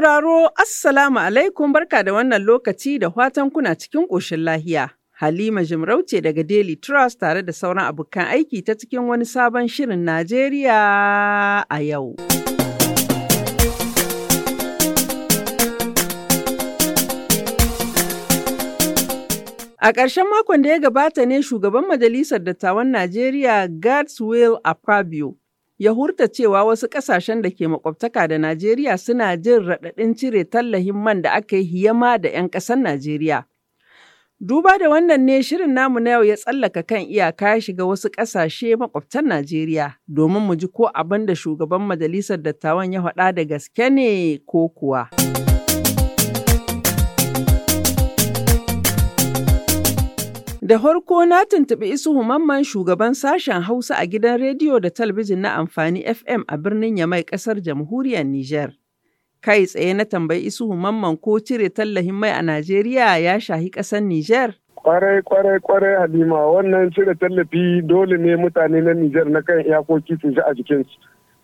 sauraro, Assalamu alaikum barka da wannan lokaci da watan kuna cikin ƙoshin lahiya. Halima Jimarauce daga Daily Trust tare da sauran abokan aiki ta cikin wani sabon shirin Najeriya a yau. A ƙarshen makon da ya gabata ne shugaban Majalisar Dattawan Najeriya Gadswill Akpabio ya hurta cewa wasu ƙasashen da ke makwabtaka da Najeriya suna jin raɗaɗin cire tallahin man da aka yi hiyama da 'yan ƙasar Najeriya. Duba da wannan ne shirin namu na yau ya tsallaka kan iyaka ya shiga wasu ƙasashe makwabtan Najeriya domin mu ji ko abin da shugaban majalisar dattawan ya faɗa da gaske ne ko kuwa. Da farko na tuntuɓi Isuhu Mamman shugaban sashen Hausa a gidan rediyo da talabijin na amfani FM a birnin Yamai ƙasar jamhuriyar Nijar. Kai tsaye na tambayi Isuhu Mamman ko cire tallafin mai a Najeriya ya shahi ƙasar Nijar? Kwarai kwarai kwarai Halima wannan cire tallafi dole ne mutane na Nijar na kan iyakoki su ji a su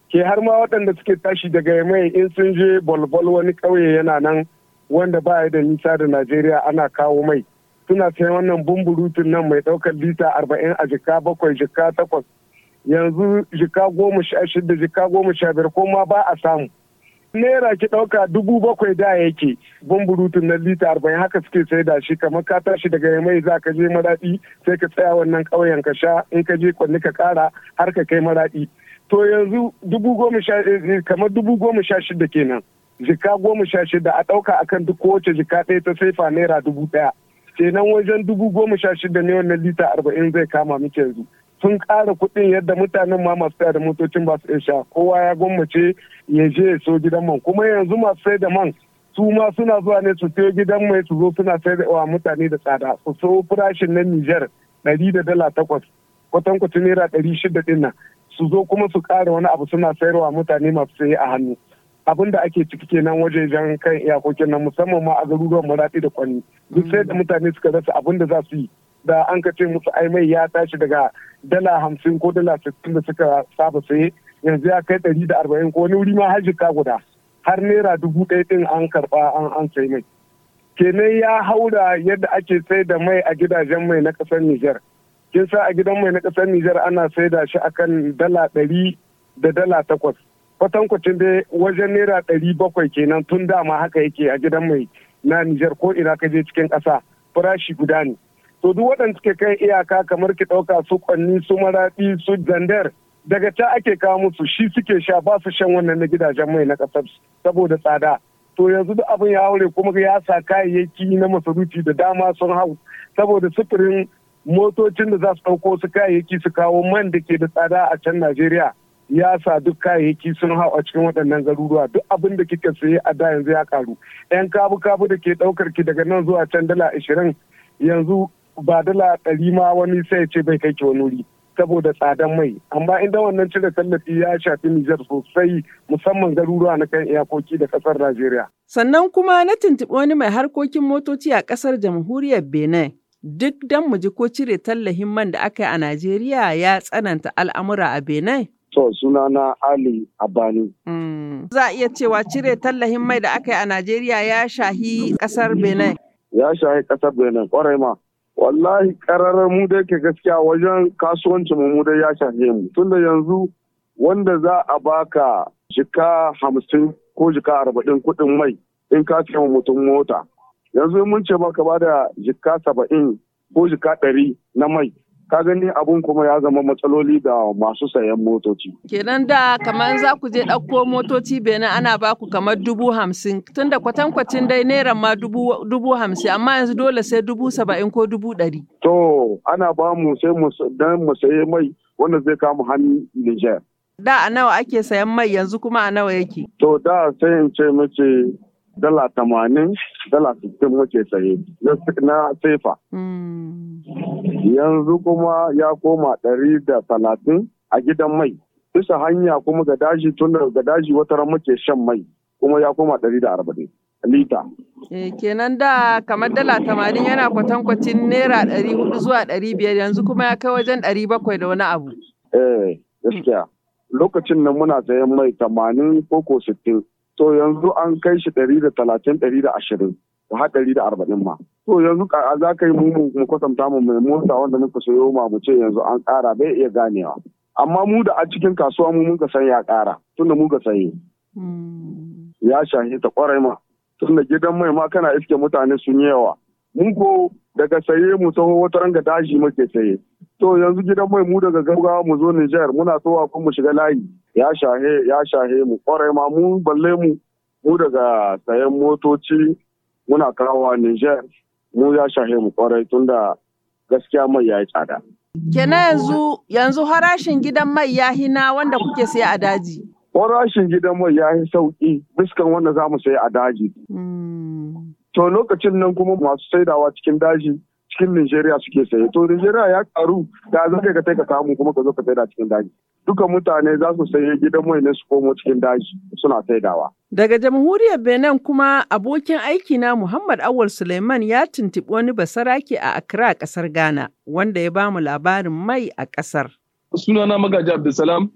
Ke har ma waɗanda suke tashi daga mai in sun je bolbol wani ƙauye yana nan wanda ba da nisa da Najeriya ana kawo mai. suna sayan wannan bumburutun nan mai ɗaukar lita arba'in a jika bakwai jika takwas yanzu jika goma sha shida jika goma sha biyar ko ma ba a samu naira ki ɗauka dubu bakwai da yake bumburutun na lita arba'in haka suke sai da shi kamar ka tashi daga yamai za ka je maraɗi sai ka tsaya wannan ƙauyen ka sha in ka je kwanni ka ƙara har ka kai maraɗi to yanzu dubu goma sha eh, kamar dubu goma sha shida kenan jika goma sha shida a ɗauka akan duk kowace jika ɗaya ta saifa naira dubu ɗaya kenan wajen dubu goma sha shida ne wannan lita arba'in zai kama muke yanzu sun kara kuɗin yadda mutanen ma masu tsaya da motocin ba su sha kowa ya gwammace ya je ya so gidan man kuma yanzu masu sai da man su ma suna zuwa ne su sayo gidan mai su zo suna sai da wa mutane da tsada su so farashin na Nijar ɗari da dala takwas kwatankwacin naira ɗari shida ɗin nan su zo kuma su kara wani abu suna sayarwa mutane masu saye a hannu abin da ake ciki kenan wajejen kan iyakokin nan musamman ma a garuruwan maradi da kwani duk mm. sai da mutane suka rasa abin da za su yi da an ka ce musu ai mai ya tashi daga dala hamsin ko dala sittin da suka saba saye yanzu ya kai ɗari da arba'in ko wani wuri ma har ka guda har naira dubu ɗaya ɗin an karɓa an an sai mai kenan ya haura yadda ake sai da mai a gidajen mai na ƙasar Nijar kin sa a gidan mai na ƙasar Nijar ana sai da shi akan dala ɗari da dala takwas Kwatan dai wajen naira ɗari bakwai kenan tun dama haka yake a gidan mai na Nijar ko ina ka je cikin ƙasa farashi guda ne. To duk waɗanda suke kan iyaka kamar ki ɗauka su kwanni su maraɗi su zandar daga ta ake kawo musu shi suke sha ba su shan wannan na gidajen mai na ƙasar saboda tsada. To yanzu duk abin ya haure kuma ya sa kayayyaki na masarufi da dama sun hau saboda sufurin motocin da za su ɗauko su kayayyaki su kawo man da ke da tsada a can Najeriya. ya sa duk kayayyaki sun hau a cikin waɗannan garuruwa duk abin da kika saye a da yanzu ya karu yan kabu kabu da ke ɗaukar ki daga nan zuwa can dala ashirin yanzu ba dala ɗari ma wani sai ce bai kai ki wani wuri saboda tsadan mai amma inda wannan cire tallafi ya shafi Nijar sosai musamman garuruwa na kan iyakoki da kasar Najeriya. Sannan kuma na tuntuɓi wani mai harkokin motoci a ƙasar jamhuriyar Benin. Duk don mu ji ko cire tallahin man da aka yi a Najeriya ya tsananta al'amura a Benin. To suna na Ali Abani. Hmm. Za a iya cewa cire tallahin mai da aka yi a Najeriya ya shahi kasar Benin. Ya shahi kasar Benin kwarai ma. Wallahi kararar mu da yake gaskiya wajen kasuwanci mu dai ya shahe mu. Tun da yanzu wanda za a baka jika hamsin ko jika arba'in kuɗin mai in ka ce mutum mota. Yanzu mun ce baka ba da jika saba'in ko jika ɗari na mai. ka gani abun kuma ya zama matsaloli da masu sayan motoci. Kenan da kamar za ku je ɗauko motoci benin ana ba ku kamar dubu hamsin tun da kwatankwacin dai naira ma dubu hamsin amma yanzu dole sai dubu saba'in ko dubu ɗari. To ana ba mu sai don mu saye mai wanda zai kama hannun Niger. Da a nawa ake sayan mai yanzu kuma a nawa yake? To da sai in ce mace dala tamanin dala sittin muke saye na sefa hmm. yanzu kuma ya koma ɗari da talatin a gidan mai bisa hanya kuma ga daji tun daga daji wata ran muke shan mai kuma ya koma ɗari da arba'in lita E, kenan da kamar dala tamanin yana kwatankwacin naira ɗari hudu zuwa ɗari biyar yanzu kuma ya kai wajen ɗari bakwai da wani abu eh gaskiya lokacin nan muna sayan mai tamanin koko sittin to yanzu an kai shi ɗari da talatin ɗari da ashirin da har ɗari da arba'in ma to yanzu a za ka yi mu mu kwatanta mu mai mota wanda muka sayo ma mu ce yanzu an ƙara bai iya ganewa amma mu da a cikin kasuwa mu muka san ya ƙara tunda mu ka saye hmm. ya shahi ta ƙwarai ma tunda gidan mai ma kana iske mutane sun yi yawa mun ko daga saye mu taho wata ranga daji muke saye to yanzu gidan mai mu daga gaugawa mu zo Nijar muna towa kuma mu shiga layi ya shahe ya shahe mu kwarai ma mu balle mu mu daga sayan motoci muna kawowa Niger mu ya shahe mu kwarai tunda gaskiya mai ya tsada. Kenan yanzu yanzu harashin gidan mai ya hina wanda kuke saya a daji. Harashin gidan mai ya yi sauƙi biskan wanda za mu saya a daji. Hmm. To lokacin nan kuma masu saidawa cikin daji cikin Nigeria suke saye. To Nigeria ya karu da zaka ka kai ka samu kuma ka zo ka saida cikin daji. duka mutane za su sayi gidan mai na su komo cikin daji suna saidawa. Daga jamhuriyar Benin kuma abokin aiki na Muhammad Awal Suleiman ya tuntuɓi wani basarake a Accra ƙasar Ghana wanda ya bamu labarin mai a ƙasar. Sunana Magaji Abdulsalam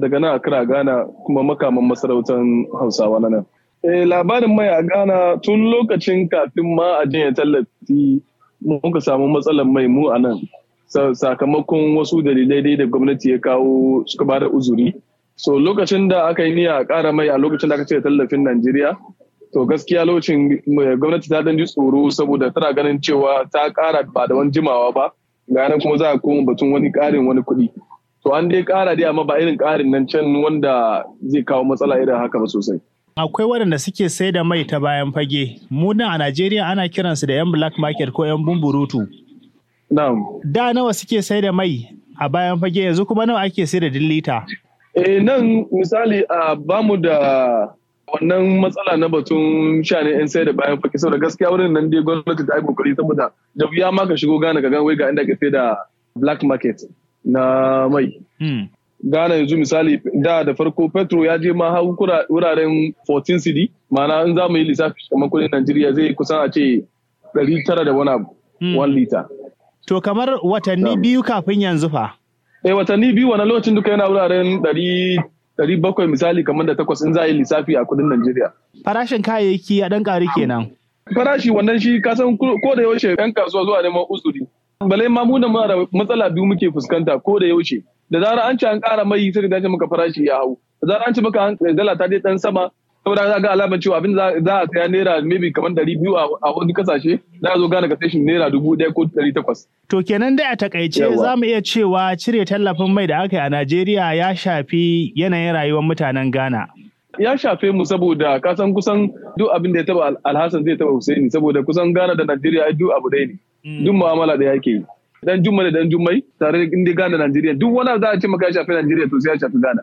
daga nan Accra Ghana kuma makaman masarautar Hausawa na nan. Eh, labarin mai a Ghana tun lokacin kafin ma a jinya tallafi muka samu matsalar mai mu a nan. sakamakon wasu dalilai dai da gwamnati ya kawo suka ba da uzuri so lokacin da aka yi niyya a ƙara mai a lokacin da aka cire tallafin najeriya to gaskiya lokacin gwamnati ta ɗan ji tsoro saboda tana ganin cewa ta kara ba da wani jimawa ba ga kuma za a koma batun wani ƙarin wani kuɗi to an dai kara dai amma ba irin karin nan can wanda zai kawo matsala irin haka ba sosai akwai waɗanda suke sai da mai ta bayan fage mu a najeriya ana kiransu da yan black market ko yan bumburutu Da nawa suke sai da mai a bayan fage yanzu kuma nawa ake sai da dillita? Eh nan misali a bamu da wannan matsala na batun shanin yan sai da bayan fage saboda gaskiya wurin nan dai gwamnati ta yi kokari saboda da ya ma ka shigo gane ka gani wai ga inda ka sai da black market na mai. Hmm. Gana yanzu misali da da farko Petro ya je ma hau wuraren 14 CD ma'ana in za mu yi lissafi kamar kudin Najeriya zai kusan a ce 900 da wani abu 1 hmm. liter. To kamar watanni biyu kafin yanzu fa? Eh watanni biyu wani lokacin duka yana wuraren ɗari ɗari bakwai misali kamar da takwas in za a yi lissafi a kudin Najeriya. Farashin kayayyaki a ɗan ƙari kenan. Farashi wannan shi kasan san ko da yaushe 'yan kasuwa zuwa neman usuri. Bale, ma mu da muna da matsala biyu muke fuskanta ko da yaushe. Da zarar an ce an ƙara mai sai ka dace muka farashi ya hau. Da zarar an ce maka dala ta je ɗan sama saboda za ga alamar cewa abin za a saya naira maybe kamar dari biyu a wani kasashe za a zo gane ka shi naira dubu ɗaya ko ɗari takwas. To kenan dai a takaice za mu iya cewa cire tallafin mai da aka yi a Najeriya ya shafi yanayin rayuwar mutanen Ghana. ya shafe mu saboda kasan kusan duk abin da ya taba alhassan zai taba husaini saboda kusan ghana da najeriya duk abu ɗaya ne mm. duk mu'amala da yake yi dan jumma da dan jummai tare da inda ghana najeriya duk wani za a ce maka ya shafe najeriya to sai ya shafi ghana.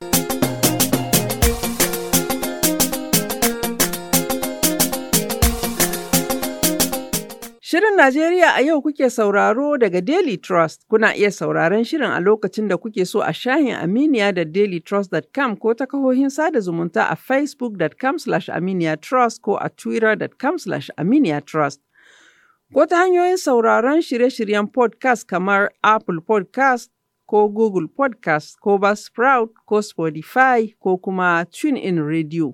Shirin Najeriya a yau kuke sauraro daga Daily Trust. Kuna iya sauraron shirin a lokacin da kuke so a shahin Aminiya da dailytrust.com ko ta kahohin sada zumunta a facebookcom aminiyatrust ko a twittercom aminiyatrust Ko ta hanyoyin sauraron shirye-shiryen podcast kamar Apple podcast ko Google podcast ko Buzzsprout ko Spotify ko kuma TuneIn Radio.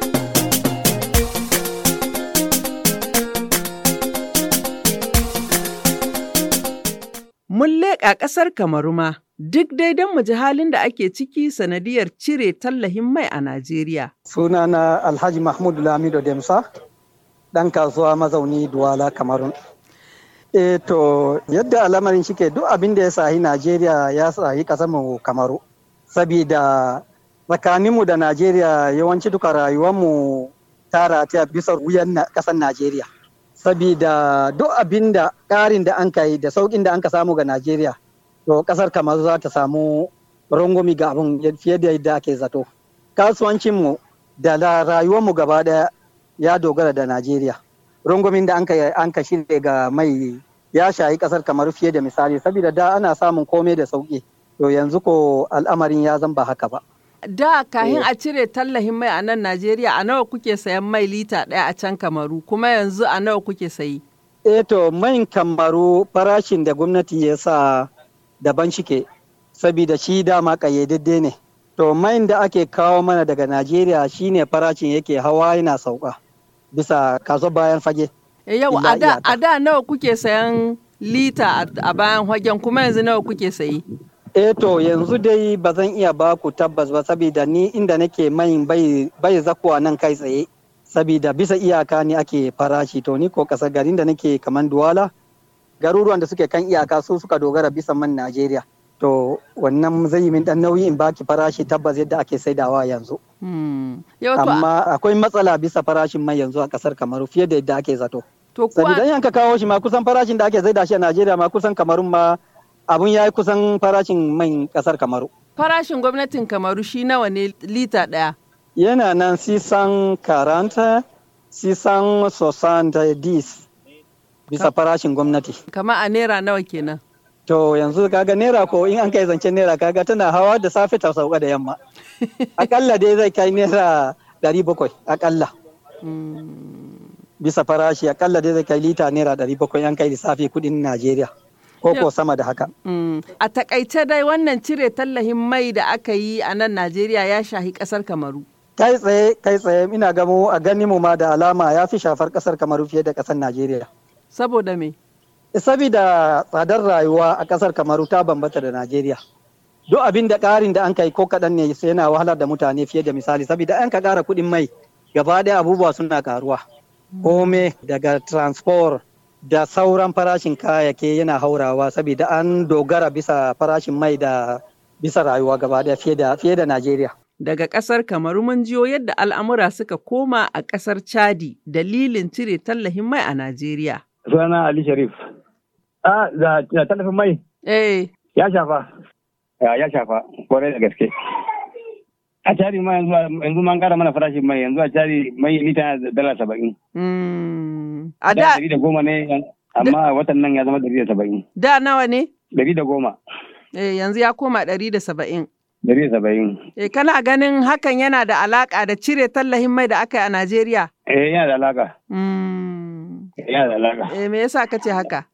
Mun leƙa ƙasar kamaruma, duk dai don mu ji halin da ake ciki sanadiyar cire tallahin mai a Najeriya. Sunana Alhaji Mahmud Lamido Demsa, ɗan kasuwa mazauni Duwala Kamarun. E eh, to, yadda al'amarin shike duk abin da ya sahi Najeriya ya sahi mu Kamaru. Sabida tsakaninmu da Najeriya yawanci duka rayuwarmu ta bisa wuyan ƙasar Najeriya. Sabida duk abin da ƙarin da an kai da saukin da an ka samu ga Najeriya, to ƙasar kamar za ta samu rangwami ga abin fiye da yadda ake zato. Kasuwancinmu da mu gaba ɗaya ya dogara da Najeriya. Rangwamin da an ka shirya ga mai ya shayi kasar kamar fiye da misali saboda da ana samun komai da sauki to yanzu ko al'amarin ya zan ba haka ba da kahin eh. a cire tallahin mai a nan Najeriya a nawa kuke sayan mai lita ɗaya a can Kamaru kuma yanzu a nawa kuke sayi? Eh to mai Kamaru farashin da gwamnati ya sa daban shike saboda shi dama ƙayyadadde ne. To mai da ake kawo mana daga Najeriya shine farashin yake hawa yana sauka bisa kaso bayan fage. Eh, yau a da nawa kuke sayan lita a bayan fagen kuma yanzu nawa kuke sayi? Eh to yanzu dai ba zan iya ba ku tabbas ba saboda ni inda nake mai bai zakuwa nan kai tsaye saboda bisa iyaka ne ake farashi to ni ko kasar garin da nake kaman duwala garuruwan da suke kan iyaka su suka dogara bisa man Najeriya to wannan zai min dan nauyi in baki farashi tabbas yadda ake saidawa yanzu hmm. amma akwai matsala bisa farashin mai yanzu a kasar Kamaru fiye da yadda ake zato to kuwa yanka kawo shi ma kusan farashin da ake saida shi a Najeriya ma kusan Kamarun ma abun ya yi kusan farashin man kasar kamaru farashin gwamnatin kamaru shi nawa ne lita ɗaya yana nan sisan karanta sisan sosanta dis bisa farashin gwamnati kama a naira nawa kenan to yanzu kaga naira ko in an kai zancen naira kaga tana hawa da safe ta sauka da yamma akalla dai zai kai naira dari bakwai akalla hmm. bisa farashi akalla dai zai kai lita naira dari bakwai an kai lissafi kudin najeriya Koko sama da haka. Mm. A takaice dai wannan cire tallahin mai da aka yi a nan Najeriya ya shahi kasar Kamaru. Kai tsaye kai tsaye ina gamo a gani mu ma da alama ya fi shafar kasar Kamaru fiye da kasar Najeriya. Saboda me? Eh, sabida tsadar rayuwa a kasar Kamaru ta bambanta da Najeriya. Duk abin da karin da an kai ko kaɗan ne sai yana wahalar da mutane fiye da misali saboda an ka ƙara kuɗin mai gaba ɗaya abubuwa suna karuwa mm. Kome daga transport da sauran farashin kayayyaki yana haurawa saboda an dogara bisa farashin mai da bisa rayuwa gaba da fiye da Najeriya. Daga ƙasar Kamaru mun jiyo yadda al'amura suka koma a ƙasar Chadi dalilin cire tallafin mai a Najeriya. Sunana Ali Sharif. Ah, da tallafin mai? Eh. Ya shafa. Ya shafa, kwarai da gaske. a cari ma yanzu man kara mana farashin mai yanzu a cari mai lita dala saba'in. Hmm. A da dari da goma ne amma watan nan ya zama dari da saba'in. Da nawa ne? Dari da goma. Eh yanzu ya koma dari da saba'in. Dari da saba'in. Eh kana ganin hakan yana da alaka da cire tallahin mai da aka yi a Najeriya? Eh yana da alaka. Hmm. Yana da alaka. Eh me yasa ka ce haka?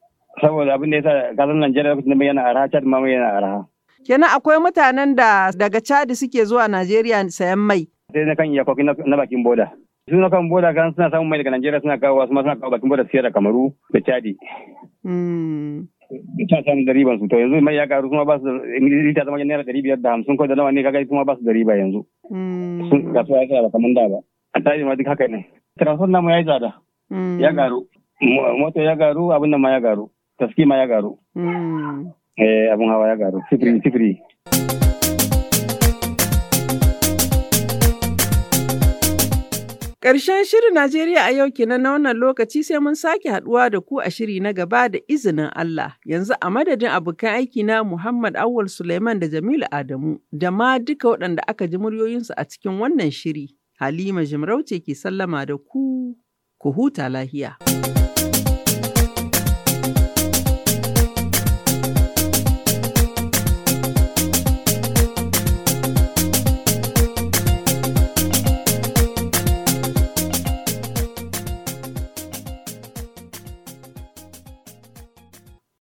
Saboda abin da yasa kasan Najeriya kusa da mai yana araha, Chad ma mai yana araha. Kenan akwai mutanen da daga Chad suke zuwa Najeriya sayan mai. Sai na kan iyakoki na bakin boda. Su na kan boda kan suna samun mai daga Najeriya suna kawo masu kawo bakin boda siyar da Kamaru da Chadi. ta hmm. samun da ban su to yanzu mai ya karu kuma ba su lita zama naira ɗari biyar da hamsin kawai da nawa ne kaga kuma ba su da riba yanzu hmm. sun ga su ya tsaya ba kamar da ba a tashi ma duk haka ne transfer namu ya yi tsada ya hmm. karu moto ya karu abin nan ma ya karu taski ma ya karu eh abun hawa ya garu sifiri sifiri Ƙarshen shirin Najeriya a yau kenan na wannan lokaci sai mun sake haɗuwa da ku a shiri na gaba da izinin Allah. Yanzu a madadin abokan aiki na Muhammad Awul Suleiman da Jamilu Adamu da ma duka waɗanda aka ji muryoyinsu a cikin wannan shiri. Halima Jimarauce ke sallama da ku, ku huta lahiya.